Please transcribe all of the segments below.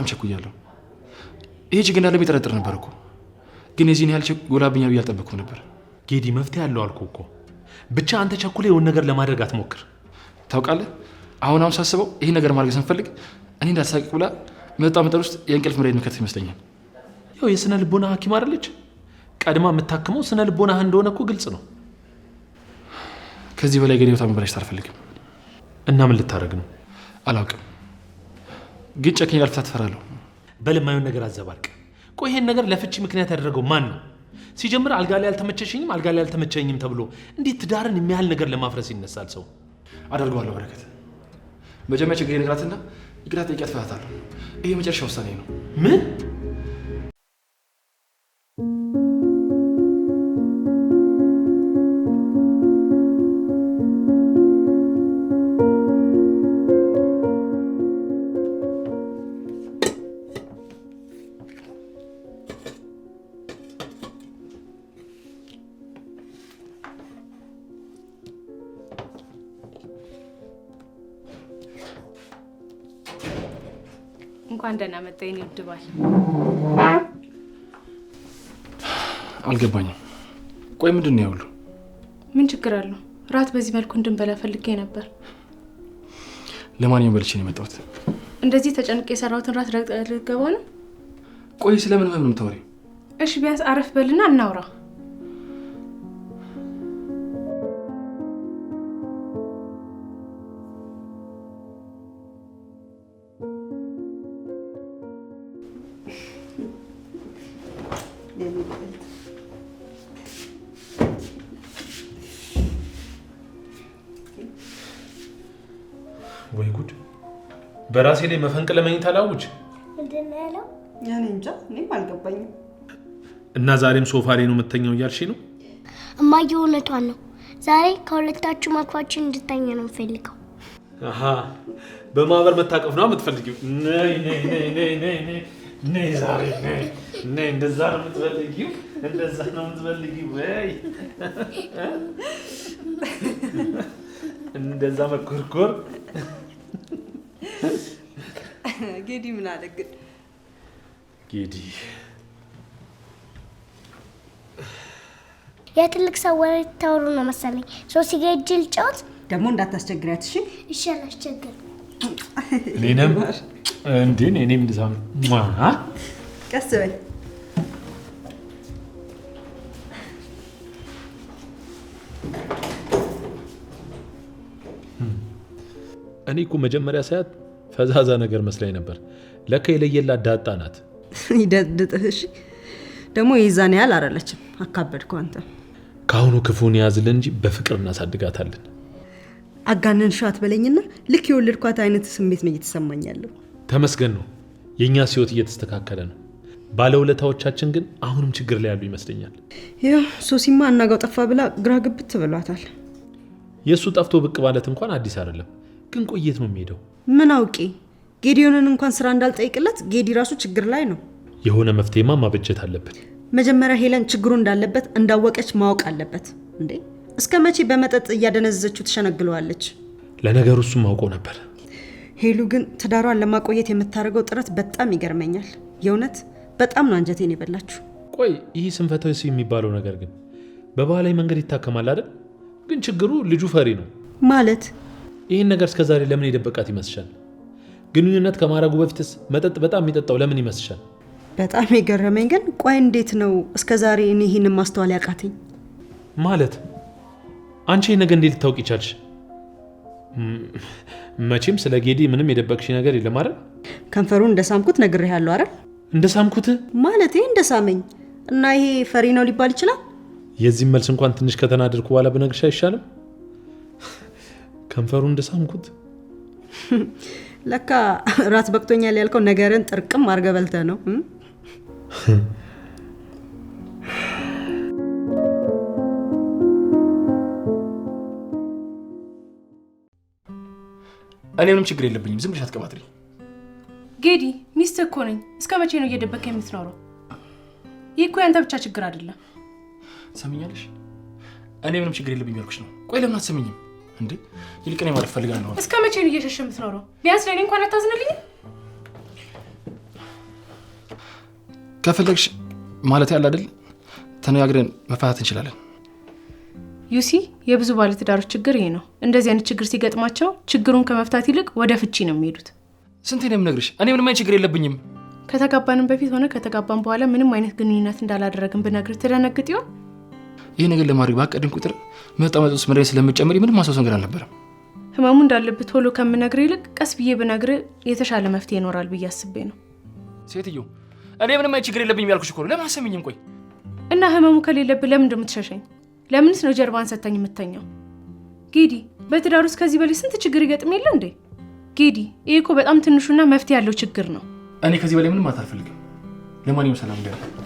በጣም ቸኩያለሁ። ይሄ ችግር እንዳለ የሚጠረጥር ነበር እኮ ግን የዚህን ያህል ጎላብኛ ብዬ አልጠበቅኩም ነበር። ጌዲ መፍትሄ ያለው አልኩ እኮ ብቻ አንተ ቸኩለ የሆን ነገር ለማድረግ አትሞክር። ታውቃለህ አሁን አሁን ሳስበው ይህን ነገር ማድረግ ስንፈልግ እኔ እንዳትሳቅቅ ብላ መጣ መጠን ውስጥ የእንቅልፍ መሬት መከተት ይመስለኛል። ያው የስነ ልቦና ሐኪም አይደለች ቀድማ የምታክመው ስነ ልቦናህ እንደሆነ እኮ ግልጽ ነው። ከዚህ በላይ ግን ህይወታ መበላሸት አልፈልግም። እና ምን ልታደርግ ነው? አላውቅም ግን ጨካኝ ላልፍታት እፈራለሁ። በልማዩን ነገር አዘባርቅ። ቆይ ይሄን ነገር ለፍቺ ምክንያት ያደረገው ማን ነው? ሲጀምር አልጋ ላይ አልተመቸሽኝም፣ አልጋ ላይ አልተመቸኝም ተብሎ እንዴት ትዳርን የሚያህል ነገር ለማፍረስ ይነሳል ሰው? አደርገዋለሁ በረከት። መጀመሪያ ችግር ነግራትና ይቅርታ ጠይቄ ትፈታታለሁ። ይሄ መጨረሻ ውሳኔ ነው። ምን የኔ ይድባል። ባል? አልገባኝም። ቆይ ምንድን ነው ያውሉ? ምን ችግር አለው? ራት በዚህ መልኩ እንድንበላ ፈልጌ ነበር። ለማንኛውም በልቼ ነው የመጣሁት። እንደዚህ ተጨንቄ የሰራሁትን ራት ልትገባ ነው? ቆይ ስለምን ምንም ታወሪ? እሺ ቢያንስ አረፍ በልና እናውራ። በራሴ ላይ መፈንቅለ መኝታ ላውጅ። እና ዛሬም ሶፋ ላይ ነው የምተኛው እያልሽ ነው? እማዬ እውነቷን ነው። ዛሬ ከሁለታችሁ መክፋችን እንድተኛ ነው የምፈልገው። በማህበር መታቀፍ ነው የምትፈልጊው? ነይ ዛሬ ነይ። እንደዛ ነው የምትፈልጊው? እንደዛ ነው የምትፈልጊው? ወይ እንደዛ መኮርኮር ጌዲ ምን አለ ግን? ጌዲ የትልቅ ሰው ወሬ ታወሩ ነው መሰለኝ። ሶሲ ጋ ሂጅ ልጫወት። ደግሞ እንዳታስቸግሪያት እሺ? እሺ አላስቸግርም። እኔንም እንዴ እኔም እንደዛ ቀስ በይ እኔ እኮ መጀመሪያ ሳያት ፈዛዛ ነገር መስላኝ ነበር። ለካ የለየላት ዳጣ ናት። ይደድጥህ ደግሞ የዛን ያህል አረለችም። አካበድኩ። አንተ ከአሁኑ ክፉን ያዝልን እንጂ በፍቅር እናሳድጋታለን። አጋንን ሸዋት በለኝና ልክ የወለድኳት አይነት ስሜት ነው እየተሰማኛለሁ። ተመስገን ነው። የእኛ ህይወት እየተስተካከለ ነው። ባለውለታዎቻችን ግን አሁንም ችግር ላይ ያሉ ይመስለኛል። ይኸው ሶሲማ አናጋው ጠፋ ብላ ግራ ግብት ብሏታል። የእሱ ጠፍቶ ብቅ ማለት እንኳን አዲስ አይደለም። ግን ቆየት ነው የሚሄደው። ምን አውቄ ጌዲዮንን እንኳን ስራ እንዳልጠይቅለት፣ ጌዲ ራሱ ችግር ላይ ነው። የሆነ መፍትሄማ ማበጀት አለብን። መጀመሪያ ሄለን ችግሩ እንዳለበት እንዳወቀች ማወቅ አለበት። እንዴ እስከ መቼ በመጠጥ እያደነዘዘችው ትሸነግለዋለች? ለነገሩ እሱም አውቆ ነበር። ሄሉ ግን ትዳሯን ለማቆየት የምታደርገው ጥረት በጣም ይገርመኛል። የእውነት በጣም ነው አንጀቴን የበላችሁ። ቆይ ይህ ስንፈታዊ የሚባለው ነገር ግን በባህላዊ መንገድ ይታከማል አይደል? ግን ችግሩ ልጁ ፈሪ ነው ማለት ይህን ነገር እስከዛሬ ለምን የደበቃት ይመስሻል? ግንኙነት ከማድረጉ በፊትስ መጠጥ በጣም የሚጠጣው ለምን ይመስሻል? በጣም የገረመኝ ግን ቆይ እንዴት ነው እስከዛሬ እኔ ይህንን ማስተዋል ያቃተኝ? ማለት አንቺ ይህ ነገር እንዴት ልታውቅ ይቻልሽ? መቼም ስለ ጌዲ ምንም የደበቅሽ ነገር የለም አይደል? ከንፈሩን እንደ ሳምኩት ነግሬሃለሁ አይደል? እንደ ሳምኩት ማለት እንደሳመኝ እንደ ሳመኝ እና ይሄ ፈሪ ነው ሊባል ይችላል። የዚህም መልስ እንኳን ትንሽ ከተናደድኩ በኋላ ብነግርሽ አይሻልም? ከንፈሩ እንደሳምኩት ለካ ራት በቅቶኛል ያልከው ነገርን ጥርቅም አድርገህ በልተ ነው። እኔ ምንም ችግር የለብኝም። ዝም ብለሽ አትቀባጥሪ። ጌዲ ሚስት እኮ ነኝ። እስከ መቼ ነው እየደበከ የምትኖረው? ይህ እኮ ያንተ ብቻ ችግር አይደለም። ሰምኛለሽ? እኔ ምንም ችግር የለብኝ ያልኩሽ ነው። ቆይ ለምን አትሰምኝም? እንዴ ይልቅ እኔ ማለት ፈልጋለሁ። እስከ መቼ ነው እየሸሸ የምትኖረው? ቢያንስ ለእኔ እንኳን አታዝንልኝ። ከፈለግሽ ማለት ያለ አይደል ተነጋግረን መፋታት እንችላለን። ዩሲ የብዙ ባለትዳሮች ችግር ይሄ ነው። እንደዚህ አይነት ችግር ሲገጥማቸው ችግሩን ከመፍታት ይልቅ ወደ ፍቺ ነው የሚሄዱት። ስንቴ ነው የምነግርሽ? እኔ ምንም አይነት ችግር የለብኝም። ከተጋባንም በፊት ሆነ ከተጋባን በኋላ ምንም አይነት ግንኙነት እንዳላደረግን ብነግር ትደነግጥ ይሆን? ይህ ነገር ለማድረግ ባቀድም ቁጥር መጣ መጠጥ ውስጥ መድኃኒት ስለምጨምር ምንም ማስታወስ ነገር አልነበረም። ህመሙ እንዳለብህ ቶሎ ከምነግር ይልቅ ቀስ ብዬ ብነግር የተሻለ መፍትሄ ይኖራል ብዬ አስቤ ነው። ሴትዮ እኔ ምንም አይ ችግር የለብኝም ያልኩሽ እኮ ነው። ለምን ቆይ እና ህመሙ ከሌለብህ ለምን እንደምትሸሸኝ? ለምንስ ነው ጀርባን ሰተኝ የምተኛው? ጌዲ በትዳር ውስጥ ከዚህ በላይ ስንት ችግር ይገጥም የለ እንዴ? ጌዲ ይህ እኮ በጣም ትንሹና መፍትሄ ያለው ችግር ነው። እኔ ከዚህ በላይ ምንም አታልፈልግም። ለማንኛውም ሰላም ደህና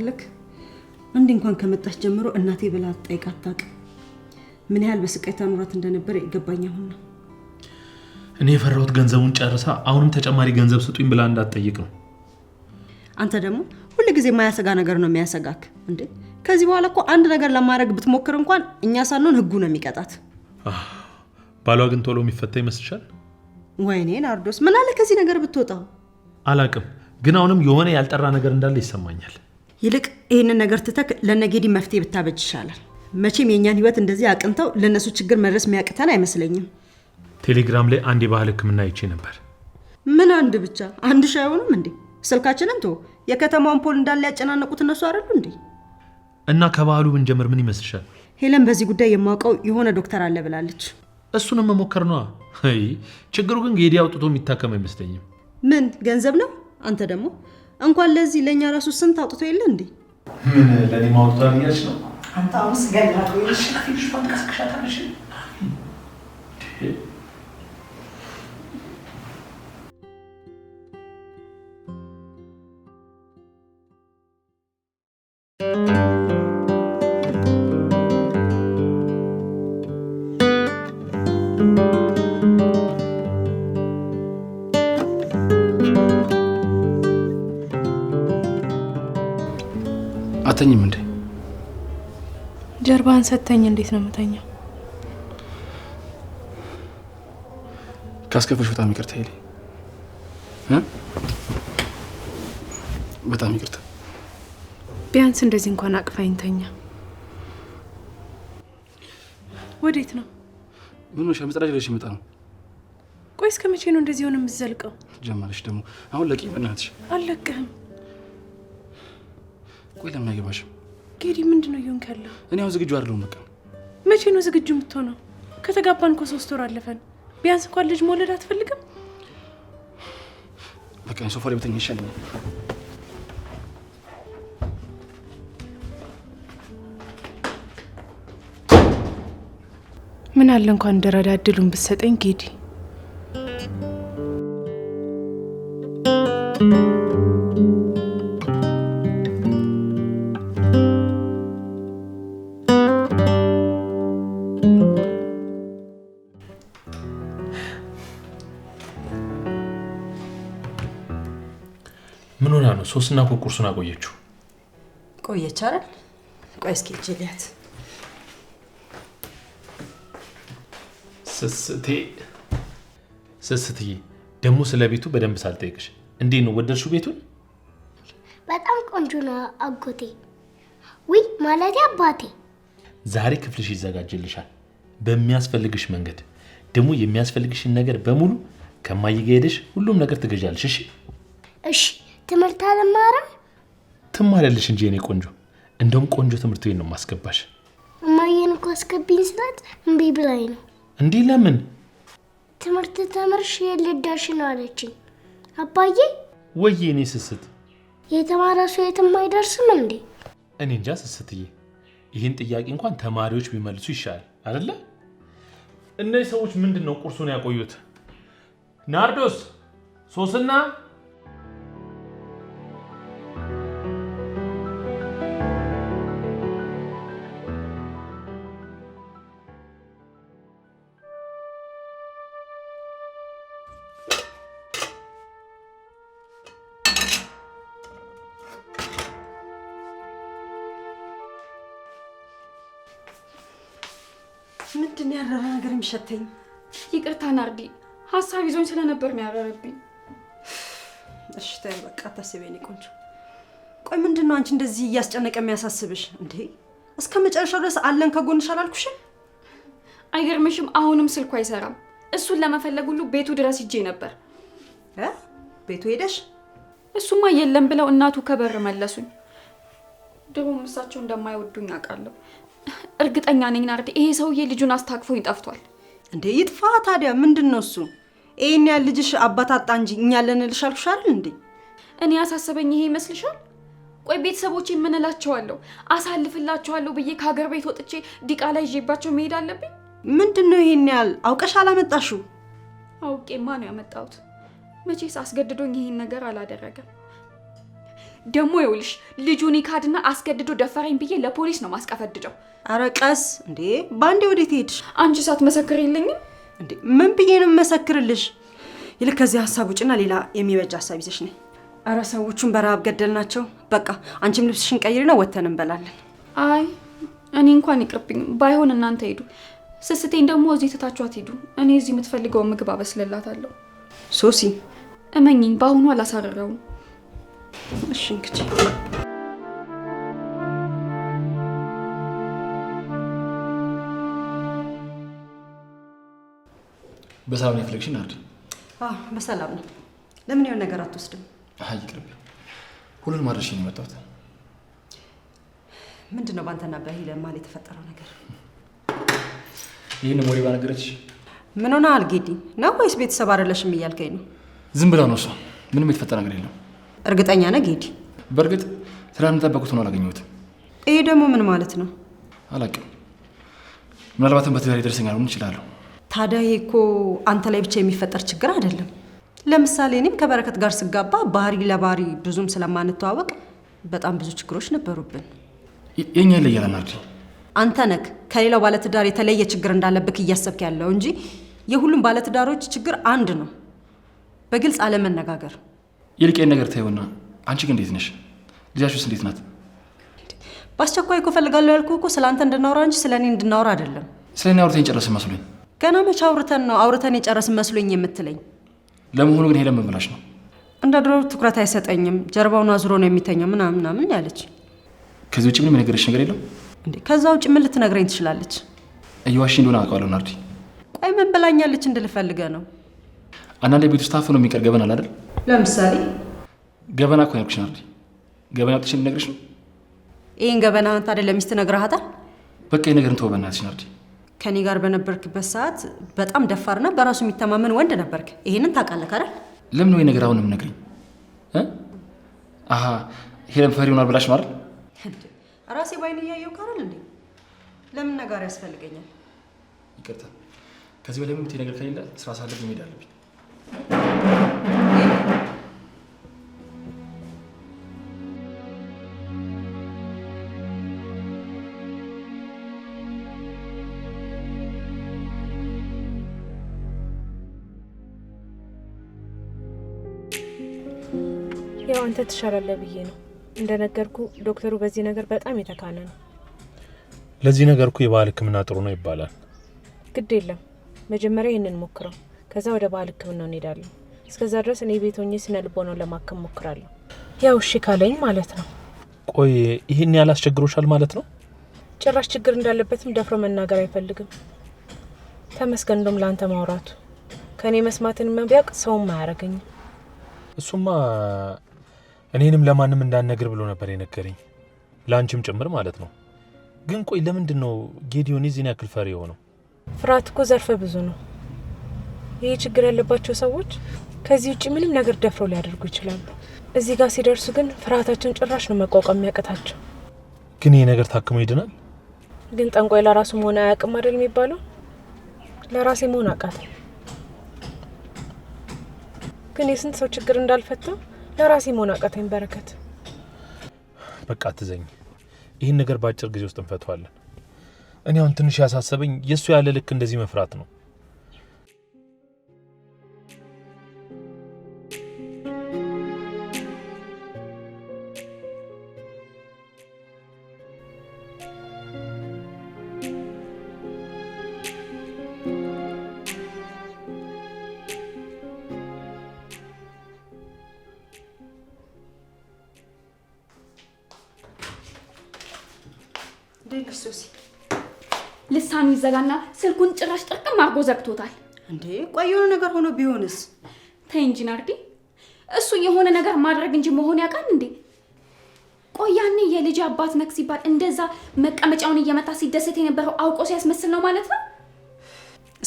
ታውቃለህ? አንዴ እንኳን ከመጣች ጀምሮ እናቴ ብላ ጠይቃ አታውቅም። ምን ያህል በስቃይ ታኖራት እንደነበረ ይገባኝ። አሁን ነው እኔ የፈራሁት ገንዘቡን ጨርሳ አሁንም ተጨማሪ ገንዘብ ስጡኝ ብላ እንዳትጠይቅ ነው። አንተ ደግሞ ሁል ጊዜ የማያሰጋ ነገር ነው የሚያሰጋክ እንዴ? ከዚህ በኋላ እኮ አንድ ነገር ለማድረግ ብትሞክር እንኳን እኛ ሳንሆን ህጉ ነው የሚቀጣት። ባሏ ግን ቶሎ የሚፈታ ይመስልሻል? ወይኔ ናርዶስ፣ ምን አለ ከዚህ ነገር ብትወጣው? አላቅም፣ ግን አሁንም የሆነ ያልጠራ ነገር እንዳለ ይሰማኛል። ይልቅ ይህንን ነገር ትተክ ለነጌዲ መፍትሄ ብታበጅ ይሻላል። መቼም የእኛን ህይወት እንደዚህ አቅንተው ለእነሱ ችግር መድረስ የሚያቅተን አይመስለኝም። ቴሌግራም ላይ አንድ የባህል ህክምና ይቼ ነበር። ምን አንድ ብቻ አንድ ሺ አይሆንም እንዴ? ስልካችንን ቶ የከተማውን ፖል እንዳለ ያጨናነቁት እነሱ አይደሉ እንዴ? እና ከባህሉ ብንጀምር ምን ይመስልሻል? ሄለን በዚህ ጉዳይ የማውቀው የሆነ ዶክተር አለ ብላለች። እሱንም መሞከር ነዋ። ችግሩ ግን ጌዲ አውጥቶ የሚታከም አይመስለኝም። ምን ገንዘብ ነው? አንተ ደግሞ እንኳን ለዚህ ለእኛ ራሱ ስንት አውጥቶ የለ እንዴ? ምን ለእኔ ማውጥቶ አልያች ነው? አንተ አሁን ስገላ አሁንስ ገና ጀርባን ሰተኝ እንዴት ነው የምተኛው? ካስከፈሽ በጣም ይቅርታ ሄሌ፣ በጣም ይቅርታ። ቢያንስ እንደዚህ እንኳን አቅፋኝ ተኛ። ወዴት ነው? ምን ሆነሻል? መጸዳጃ ልሽ ይመጣ ነው። ቆይ እስከ መቼ ነው እንደዚህ ሆነ የምትዘልቀው? ጀመረሽ ደግሞ አሁን ለቂ። በእናትሽ አልለቅህም። ቆይ ለምን አይገባሽም? ጌዲ ምንድን ነው እየሆንክ ያለው? እኔ አሁን ዝግጁ አይደለሁም። በቃ መቼ ነው ዝግጁ የምትሆነው? ከተጋባን እኮ ሶስት ወር አለፈን። ቢያንስ እንኳን ልጅ መውለድ አትፈልግም? በቃ ሶፋ ላይ ብተኛ ይሻለኛል። ምን አለ እንኳን እንደረዳ እድሉን ብትሰጠኝ ጌዲ ሶስትና እኮ ቁርሱን አቆየችው። ቆየች አይደል? ቆይ እስኪ ሂጅ ልያት። ስስቴ ስስትዬ፣ ደግሞ ስለ ቤቱ በደንብ ሳልጠይቅሽ እንዴት ነው ወደድሽው ቤቱን? በጣም ቆንጆ ነው አጎቴ። ውይ ማለቴ አባቴ። ዛሬ ክፍልሽ ይዘጋጅልሻል በሚያስፈልግሽ መንገድ ደግሞ የሚያስፈልግሽን ነገር በሙሉ ከማይጋ ሁሉም ነገር ትገዣለሽ። እሺ እሺ ትምህርት አልማረም። ትማሪያለሽ እንጂ የኔ ቆንጆ። እንደውም ቆንጆ ትምህርት ቤት ነው ማስገባሽ። እማዬን እኮ አስገቢኝ ስላት እምቢ ብላኝ ነው። እንዲህ ለምን ትምህርት ተምርሽ የልዳሽ ነው አለችኝ። አባዬ ወይ እኔ ስስት የተማረ ሰው የትም አይደርስም እንዴ? እኔ እንጃ ስስትዬ፣ ይህን ጥያቄ እንኳን ተማሪዎች ቢመልሱ ይሻላል አይደለ? እነዚህ ሰዎች ምንድን ነው ቁርሱን ያቆዩት? ናርዶስ ሶስና ሸተኝ ይቅርታ ናርዲ፣ ሀሳብ ይዞኝ ስለነበር የሚያረረብኝ። እሺ ተይ በቃ አታስቢ የኔ ቆንጆ። ቆይ ምንድን ነው አንቺ እንደዚህ እያስጨነቀ የሚያሳስብሽ እንዴ? እስከ መጨረሻው ድረስ አለን ከጎንሽ አላልኩሽም? አይገርምሽም? አሁንም ስልኩ አይሰራም። እሱን ለመፈለግ ሁሉ ቤቱ ድረስ ሂጄ ነበር። ቤቱ ሄደሽ? እሱማ የለም ብለው እናቱ ከበር መለሱኝ። ድሮም እሳቸው እንደማይወዱኝ አውቃለሁ። እርግጠኛ ነኝ ናርዲ፣ ይሄ ሰውዬ ልጁን አስታክፎኝ ጠፍቷል። እንዴ ይጥፋ ታዲያ ምንድን ነው እሱ? ይህን ያህል ልጅሽ አባታጣ እንጂ እኛ ልንልሽ አልኩሽ አይደል እንዴ? እኔ ያሳሰበኝ ይሄ ይመስልሻል? ቆይ ቤተሰቦቼ ምን እላቸዋለሁ? አሳልፍላቸዋለሁ ብዬ ከሀገር ቤት ወጥቼ ዲቃላ ይዤባቸው መሄድ አለብኝ? ምንድን ነው ይሄን ያህል አውቀሽ አላመጣሽው? አውቄማ ነው ያመጣሁት። መቼስ አስገድዶኝ ይሄን ነገር አላደረገም። ደግሞ ይውልሽ ልጁን ይካድና አስገድዶ ደፈረኝ ብዬ ለፖሊስ ነው ማስቀፈድደው። አረ ቀስ እንዴ! በአንዴ ወዴት ሄድሽ? አንቺ ሳትመሰክር የለኝም እንዴ? ምን ብዬ ነው መሰክርልሽ? ይልቅ ከዚህ ሀሳብ ውጭና ሌላ የሚበጅ ሀሳብ ይዘሽ ነኝ። አረ ሰዎቹን በረሀብ ገደልናቸው። በቃ አንቺም ልብስሽን ቀይሪና ወተን እንበላለን። አይ እኔ እንኳን ይቅርብኝ። ባይሆን እናንተ ሄዱ። ስስቴን ደግሞ እዚህ ትታችኋት ሄዱ። እኔ እዚህ የምትፈልገውን ምግብ አበስልላታለሁ። ሶሲ እመኝኝ፣ በአሁኑ አላሳረረውም። እሺ እንግዲህ በሰላም ነው ፍሌክሽን አይደል? በሰላም ነው። ለምን የሆነ ነገር አትወስድም? አይ ይቅርብ፣ ሁሉን ማድረሽ ነው የመጣሁት። ምንድን ነው በአንተና በሂለ ማል የተፈጠረው ነገር? ይህን ሞሪ ባነገረች ምን ሆነ? አልጌዲ ነው ወይስ ቤተሰብ አይደለሽም እያልከኝ ነው? ዝም ብላ ነው እሷ። ምንም የተፈጠረ ነገር የለም። እርግጠኛ ነህ ጌዲ? በእርግጥ ስላልጠበኩት ነው አላገኘሁትም። ይሄ ደግሞ ምን ማለት ነው? አላውቅም። ምናልባትም በትዳር ይደርሰኛል ሆን እችላለሁ። ታዲያ ይሄ እኮ አንተ ላይ ብቻ የሚፈጠር ችግር አይደለም። ለምሳሌ እኔም ከበረከት ጋር ስጋባ ባህሪ ለባህሪ ብዙም ስለማንተዋወቅ በጣም ብዙ ችግሮች ነበሩብን። የኛ ይለያል። ናርዲ፣ አንተ ነህ ከሌላው ባለትዳር የተለየ ችግር እንዳለብክ እያሰብክ ያለው እንጂ የሁሉም ባለትዳሮች ችግር አንድ ነው፣ በግልጽ አለመነጋገር የልቄን ነገር ተይውና፣ አንቺ ግን እንዴት ነሽ? ልጃችሁስ እንዴት ናት? በአስቸኳይ እኮ እፈልጋለሁ ያልኩህ እኮ ስለ አንተ እንድናወራ እንጂ ስለ እኔ እንድናወራ አይደለም። ስለ እኔ አውርተን የጨረስን መስሎኝ። ገና መቼ አውርተን ነው አውርተን የጨረስን መስሎኝ የምትለኝ? ለመሆኑ ግን ሄለን ምን ብላሽ ነው? እንደ ድሮ ትኩረት አይሰጠኝም፣ ጀርባውን አዙሮ ነው የሚተኛው ምናምን ምናምን ያለች። ከዚህ ውጭ ምንም የነገረች ነገር የለም እንዴ? ከዛ ውጭ ምን ልትነግረኝ ትችላለች? እየዋሽ እንደሆነ አውቀዋለሁ ናርዲ። ቆይ ምን ብላኛለች እንድልፈልገ ነው አንዳንዴ ቤት ውስጥ ታፍኖ የሚቀር ገበና አለ አይደል? ለምሳሌ ገበና እኮ ያልኩሽ አይደል? ገበና አውጥቼ ልነግርሽ ነው። ይህን ገበና ታዲያ ለሚስት ነግረሃታል? በቃ ነገር ተወው በእናትሽ ናርዲ። ከኔ ጋር በነበርክበት ሰዓት በጣም ደፋርና በራሱ የሚተማመን ወንድ ነበርክ። ይሄንን ታውቃለህ አይደል? ለምን ወይ ነገር አሁንም ነግሪኝ። አሀ ሄለን ፈሪ ሆናል ብላሽ ነው ራሴ ባይን እያየው ካላል እንዴ ለምን ነገር ያስፈልገኛል? ይቅርታ ከዚህ በላይ ምንም ነገር ከሌለ ስራ ሳለብኝ እሄዳለሁ። ያው አንተ ትሻላለህ ብዬ ነው። እንደነገርኩ ዶክተሩ በዚህ ነገር በጣም የተካነ ነው። ለዚህ ነገርኩ የባህል ሕክምና ጥሩ ነው ይባላል። ግድ የለም መጀመሪያ ይህንን ሞክረው። ከዛ ወደ ባህል ሕክምናው እንሄዳለን። እስከዛ ድረስ እኔ ቤት ሆኜ ስነ ልቦናውን ለማከም ሞክራለሁ። ያው እሺ ካለኝ ማለት ነው። ቆይ ይህን ያህል አስቸግሮሻል ማለት ነው? ጭራሽ ችግር እንዳለበትም ደፍሮ መናገር አይፈልግም። ተመስገን። እንደውም ለአንተ ማውራቱ ከእኔ መስማትን መቢያቅ ሰውም አያደርገኝም። እሱማ እኔንም ለማንም እንዳነግር ብሎ ነበር የነገረኝ፣ ለአንቺም ጭምር ማለት ነው። ግን ቆይ ለምንድን ነው ጌዲዮን የዚህን ያክል ፈሪ የሆነው? ፍርሃት እኮ ዘርፈ ብዙ ነው። ይህ ችግር ያለባቸው ሰዎች ከዚህ ውጭ ምንም ነገር ደፍረው ሊያደርጉ ይችላሉ። እዚህ ጋር ሲደርሱ ግን ፍርሃታቸውን ጭራሽ ነው መቋቋም የሚያቀታቸው። ግን ይህ ነገር ታክሞ ይድናል። ግን ጠንቋይ ለራሱ መሆን አያውቅም አይደል የሚባለው? ለራሴ መሆን አቃተ ግን የስንት ሰው ችግር እንዳልፈታ ለራሴ መሆን አቃተኝ። በረከት በቃ ትዘኝ ይህን ነገር በአጭር ጊዜ ውስጥ እንፈተዋለን። እኔ አሁን ትንሽ ያሳሰበኝ የእሱ ያለ ልክ እንደዚህ መፍራት ነው። ዘጋና ስልኩን ጭራሽ ጥርቅም አድርጎ ዘግቶታል። እንዴ ቆይ የሆነ ነገር ሆኖ ቢሆንስ? ተይ እንጂ ናርዲ፣ እሱ የሆነ ነገር ማድረግ እንጂ መሆን ያውቃል እንዴ? ቆይ ያኔ የልጅ አባት ነክ ሲባል እንደዛ መቀመጫውን እየመጣ ሲደሰት የነበረው አውቆ ሲያስመስል ነው ማለት ነው።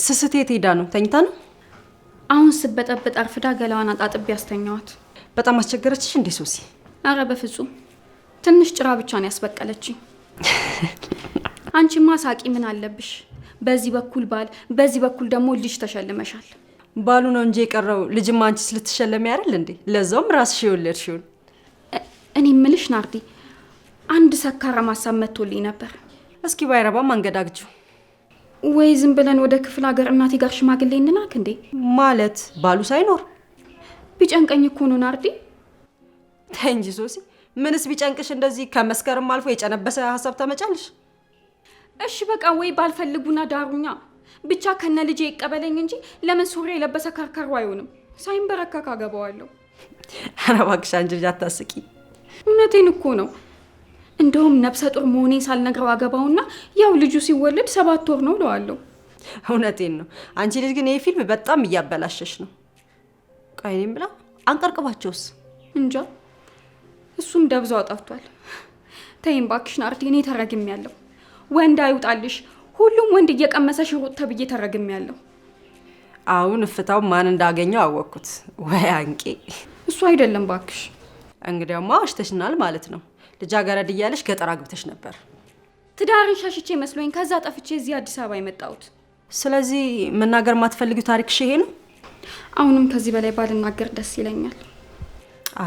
ስስት የት ሄዳ ነው? ተኝታ ነው። አሁን ስበጠብጥ አርፍዳ ገላዋን አጣጥቤ ያስተኛዋት። በጣም አስቸገረችሽ እንዴ ሶሲ? አረ በፍጹም ትንሽ ጭራ ብቻ ነው ያስበቀለችኝ። አንቺማ ሳቂ ምን አለብሽ? በዚህ በኩል ባል፣ በዚህ በኩል ደግሞ ልጅ ተሸልመሻል። ባሉ ነው እንጂ የቀረው ልጅም አንቺስ ልትሸለሚ ያደል እንዴ? ለዛውም ራስሽ የወለድሽውን። እኔ እምልሽ ናርዲ፣ አንድ ሰካራ ሀሳብ መጥቶልኝ ነበር። እስኪ ባይረባም አንገዳግጁ ወይ ዝም ብለን ወደ ክፍለ ሀገር እናቴ ጋር ሽማግሌ እንላክ እንዴ? ማለት ባሉ ሳይኖር ቢጨንቀኝ እኮ ነው ናርዲ። ተይ እንጂ ሶሲ፣ ምንስ ቢጨንቅሽ እንደዚህ ከመስከርም አልፎ የጨነበሰ ሀሳብ ታመጫለሽ? እሺ በቃ ወይ ባልፈልጉና ዳሩኛ ብቻ ከነ ልጄ ይቀበለኝ እንጂ ለምን ሱሪ የለበሰ ከርከሮ አይሆንም። ሳይንበረከክ አገባዋለሁ። ኧረ እባክሽ አንቺ ልጅ አታስቂ። እውነቴን እኮ ነው። እንደውም ነብሰ ጡር መሆኔን ሳልነግረው አገባውና ያው ልጁ ሲወለድ ሰባት ወር ነው እለዋለሁ። እውነቴን ነው። አንቺ ልጅ ግን ይህ ፊልም በጣም እያበላሸሽ ነው። ቃይኔም ብላ አንቀርቅባቸውስ እንጃ። እሱም ደብዛው ጠፍቷል። ተይም እባክሽን አርዴ እኔ ተረግሜያለሁ። ወንድ አይውጣልሽ፣ ሁሉም ወንድ እየቀመሰሽ ሩጥ ተብዬ ያለው አሁን እፍታው ማን እንዳገኘው አወቅኩት። ወይ አንቄ! እሱ አይደለም ባክሽ። እንግዲያውማ አሽተሽናል ማለት ነው። ልጃገረድ እያለሽ ገጠር አግብተሽ ነበር። ትዳርን ሻሽቼ መስሎኝ ከዛ ጠፍቼ እዚህ አዲስ አበባ የመጣሁት። ስለዚህ መናገር የማትፈልጊው ታሪክሽ ይሄ ነው። አሁንም ከዚህ በላይ ባልናገር ደስ ይለኛል።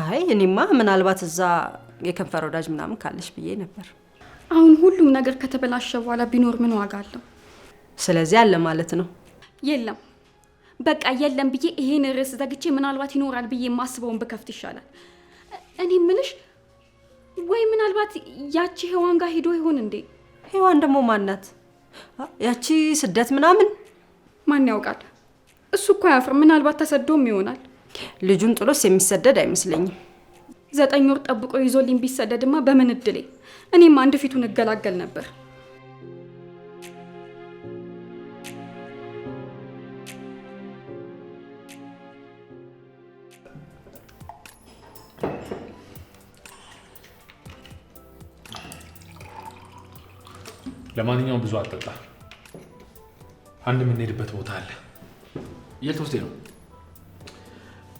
አይ እኔማ ምናልባት እዛ የከንፈር ወዳጅ ምናምን ካለሽ ብዬ ነበር። አሁን ሁሉም ነገር ከተበላሸ በኋላ ቢኖር ምን ዋጋ አለው? ስለዚህ አለ ማለት ነው። የለም በቃ የለም ብዬ ይሄን ርዕስ ዘግቼ ምናልባት ይኖራል ብዬ የማስበውን ብከፍት ይሻላል። እኔ ምልሽ ወይ ምናልባት ያቺ ሔዋን ጋር ሂዶ ይሆን እንዴ? ሔዋን ደግሞ ማናት? ያቺ ስደት ምናምን ማን ያውቃል? እሱ እኮ አያፍርም። ምናልባት ተሰዶም ይሆናል። ልጁን ጥሎስ የሚሰደድ አይመስለኝም። ዘጠኝ ወር ጠብቆ ይዞልኝ ቢሰደድማ በምን እድሌ እኔም አንድ ፊቱን እገላገል ነበር። ለማንኛውም ብዙ አጠጣ። አንድ የምንሄድበት ቦታ አለ። የት ወስዴ ነው?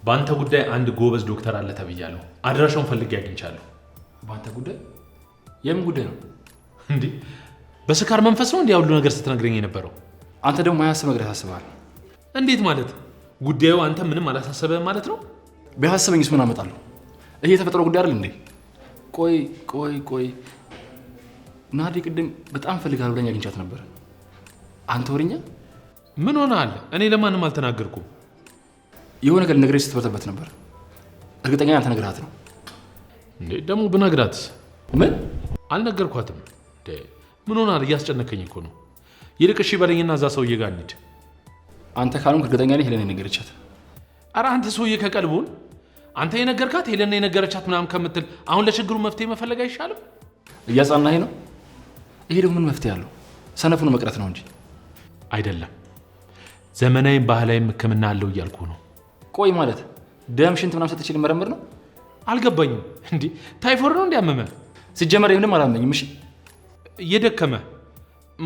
በአንተ ጉዳይ አንድ ጎበዝ ዶክተር አለ ተብያለሁ። አድራሻውን ፈልጌ አግኝቻለሁ። በአንተ ጉዳይ የምን ጉዳይ ነው እንዴ? በስካር መንፈስ ነው እንዲህ ሁሉ ነገር ስትነግረኝ የነበረው? አንተ ደግሞ የማያስብ ነገር ያሳስባል። እንዴት ማለት? ጉዳዩ አንተ ምንም አላሳሰበህም ማለት ነው? ቢያሳስበኝስ ምን አመጣለሁ? ይሄ የተፈጠረው ጉዳይ አይደል እንዴ? ቆይ ቆይ ቆይ፣ ናዲ ቅድም በጣም ፈልጋል ብለኝ አግኝቻት ነበር። አንተ ወሬኛ ምን ሆነ አለ? እኔ ለማንም አልተናገርኩም። የሆነ ነገር ልነግርህ ነበር። እርግጠኛ አንተ ነግርሃት ነው እንዴ? ደግሞ ብነግርሃትስ ምን አልነገርኳትም። ምን ሆናል? እያስጨነከኝ እኮ ነው። ይልቅ እሺ በለኝና እዛ ሰውዬ ጋር እንሂድ። አንተ ካልሆንክ እርግጠኛ ሄለን የነገረቻት። ኧረ አንተ ሰውዬ ከቀልቡን አንተ የነገርካት ሄለን የነገረቻት ምናምን ከምትል አሁን ለችግሩ መፍትሄ መፈለግ አይሻልም? እያጻናህ ነው። ይሄ ደግሞ ምን መፍትሄ አለው? ሰነፉን መቅረት ነው እንጂ አይደለም። ዘመናዊም ባህላዊም ሕክምና አለው እያልኩ ነው። ቆይ ማለት ደም ሽንት ምናምን ሰጥቼ ልመረምር ነው? አልገባኝም። እንዲህ ታይፎድ ነው እንዲያመመ ሲጀመር ምንም አላመኝም። እሺ የደከመ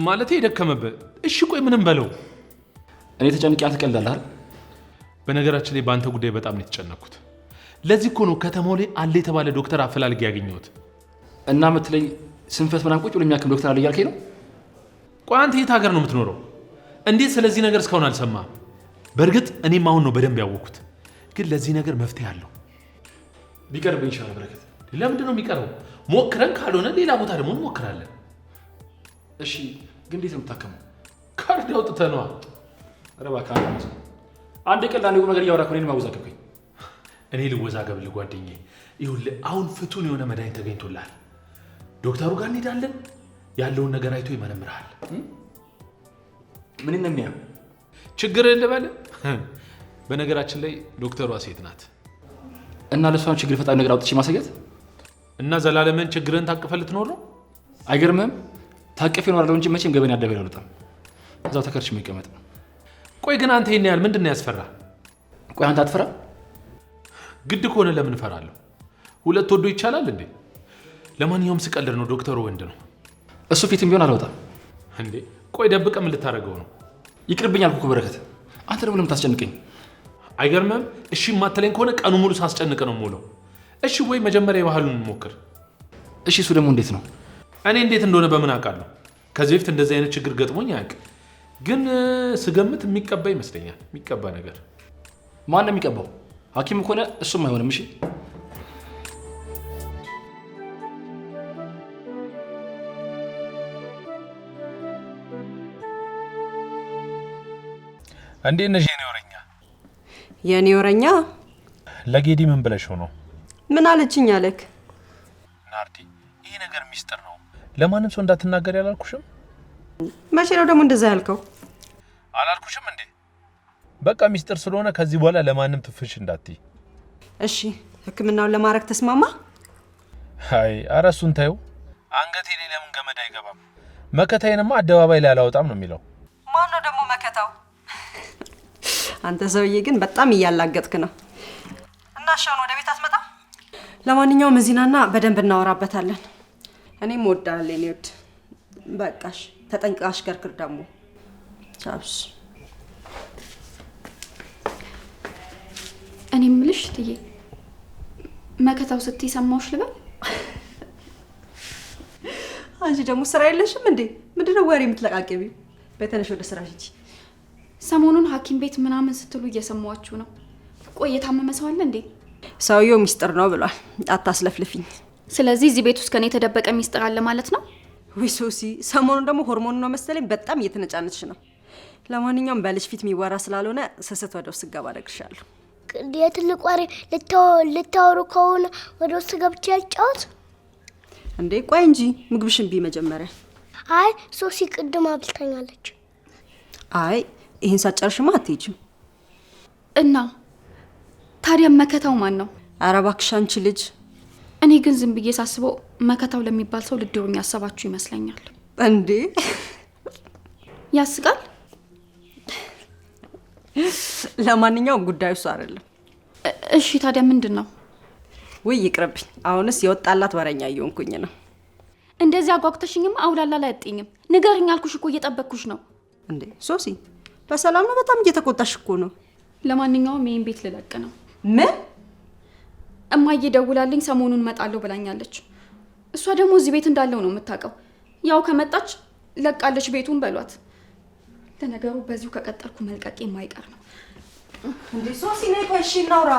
ማለት የደከመበት። እሺ ቆይ ምንም በለው። እኔ ተጨንቄ አልትቀልዳልል። በነገራችን ላይ በአንተ ጉዳይ በጣም ነው የተጨነኩት። ለዚህ እኮ ነው ከተማው ላይ አለ የተባለ ዶክተር አፈላልጌ ያገኘሁት እና ምትለኝ ስንፈት ምናምን ቁጭ ብሎ የሚያክም ዶክተር አለ እያልከኝ ነው? ቆይ አንተ የት ሀገር ነው የምትኖረው? እንዴት ስለዚህ ነገር እስካሁን አልሰማም? በእርግጥ እኔም አሁን ነው በደንብ ያወቅኩት፣ ግን ለዚህ ነገር መፍትሄ አለው። ቢቀርብ ይሻላል። በረከት ለምንድን ነው የሚቀርበው? ሞክረን ካልሆነ ሌላ ቦታ ደግሞ እንሞክራለን። እሺ፣ ግን እንዴት ነው የምታከመው? ካርድ አውጥተነዋ። ኧረ አንድ ቀን ለአንድ ቁም ነገር እያወራክ እኔን ማወዛገብከኝ። እኔ ልወዛገብልህ ጓደኛዬ? ይኸውልህ አሁን ፍቱን የሆነ መድኃኒት ተገኝቶልሃል። ዶክተሩ ጋር እንሄዳለን። ያለውን ነገር አይቶ ይመረምርሃል። ምን ነው ችግር እንደበለ። በነገራችን ላይ ዶክተሯ ሴት ናት እና ለሷን ችግር ፈጣሪ ነገር አውጥቼ ማሰገት እና ዘላለምን ችግርን ታቅፈ ልትኖር ነው። አይገርምም? ታቅፍ ይኖራለሁ እንጂ መቼም ገበን ያደበ ያሉጣ እዛው ተከርሽ የሚቀመጥ ቆይ ግን አንተ ይሄን ያህል ምንድን ነው ያስፈራ? ቆይ አንተ አትፈራ? ግድ ከሆነ ለምን እፈራለሁ? ሁለት ወዶ ይቻላል እንዴ? ለማንኛውም ስቀልድ ነው። ዶክተሩ ወንድ ነው። እሱ ፊትም ቢሆን አልወጣም እንዴ? ቆይ ደብቀ ምን ልታደርገው ነው? ይቅርብኝ አልኩ በረከት። አንተ ደግሞ ለምን ታስጨንቀኝ? አይገርምም? እሺ ማተለኝ ከሆነ ቀኑ ሙሉ ሳስጨንቅ ነው የምውለው። እሺ ወይ መጀመሪያ የባህሉን እንሞክር። እሺ እሱ ደግሞ እንዴት ነው? እኔ እንዴት እንደሆነ በምን አውቃለሁ? ከዚህ በፊት እንደዚህ አይነት ችግር ገጥሞኝ አያውቅም። ግን ስገምት የሚቀባ ይመስለኛል። የሚቀባ ነገር ማን ነው የሚቀባው? ሐኪም ከሆነ እሱም አይሆንም። እሺ እንዴት ነሽ የኔ ወረኛ? የኔ ወረኛ ለጌዲ ምን ብለሽው ነው? ምን አለችኝ አለክ? ናርዲ፣ ይሄ ነገር ሚስጥር ነው፣ ለማንም ሰው እንዳትናገር ያላልኩሽም? መቼ ነው ደግሞ እንደዛ ያልከው? አላልኩሽም እንዴ? በቃ ሚስጥር ስለሆነ ከዚህ በኋላ ለማንም ትፍሽ እንዳትይ። እሺ፣ ህክምናውን ለማድረግ ተስማማ? አይ ኧረ እሱን ታዩ። አንገቴ ላይ ለምን ገመድ አይገባም? መከታዬንማ አደባባይ ላይ አላወጣም ነው የሚለው። ማን ነው ደግሞ መከታው? አንተ ሰውዬ ግን በጣም እያላገጥክ ነው። እናሻውን ወደ ቤት አትመጣም? ለማንኛውም እዚናና በደንብ እናወራበታለን። እኔም ወዳለ የኔ በቃሽ ተጠንቅቃሽ ከርክር ደግሞ ቻብሽ። እኔ ምልሽ ትዬ መከታው ስትይ ሰማሁሽ ልበል? አንቺ ደግሞ ስራ የለሽም እንዴ? ምንድነው ወሬ የምትለቃቀቢው? በተነሽ ወደ ስራ ሂጂ። ሰሞኑን ሐኪም ቤት ምናምን ስትሉ እየሰማዋችሁ ነው። ቆይ የታመመ ሰው አለ እንዴ? ሰውየው ሚስጥር ነው ብሏል። አታስለፍልፊኝ። ስለዚህ እዚህ ቤት ውስጥ ከኔ የተደበቀ ሚስጥር አለ ማለት ነው? ወይ ሶሲ፣ ሰሞኑን ደግሞ ሆርሞኑ ነው መሰለኝ በጣም እየተነጫነች ነው። ለማንኛውም በልጅ ፊት የሚወራ ስላልሆነ ስስት ወደ ውስጥ ገባ እነግርሻለሁ። የትልቅ ወሬ ልታወሩ ከሆነ ወደ ውስጥ ገብቼ ያጫወት እንዴ? ቆይ እንጂ ምግብሽን ቢ መጀመሪያ። አይ ሶሲ ቅድም አብልተኛለች። አይ ይህን ሳጨርሽማ አትሄጂም እና ታዲያ መከታው ማን ነው? ኧረ እባክሽ አንቺ ልጅ። እኔ ግን ዝም ብዬ ሳስበው መከታው ለሚባል ሰው ልድሩኝ ያሰባችሁ ይመስለኛል። እንዴ ያስቃል። ለማንኛውም ጉዳዩ እሱ አይደለም። እሺ ታዲያ ምንድን ነው? ውይ ይቅርብኝ። አሁንስ የወጣላት ወረኛ እየሆንኩኝ ነው። እንደዚህ አጓጉተሽኝም አውላላ ላይ አጥኝም። ንገርኝ አልኩሽ እኮ እየጠበቅኩሽ ነው። እንዴ ሶሲ፣ በሰላም ነው? በጣም እየተቆጣሽ እኮ ነው። ለማንኛውም ይህን ቤት ልለቅ ነው። ምን? እማዬ ደውላልኝ ሰሞኑን መጣለው ብላኛለች። እሷ ደግሞ እዚህ ቤት እንዳለው ነው የምታውቀው። ያው ከመጣች ለቃለች ቤቱን በሏት። ለነገሩ በዚሁ ከቀጠልኩ መልቀቅ የማይቀር ነው። እንዴ ሶሲ ነይ፣ ቆይ እናውራ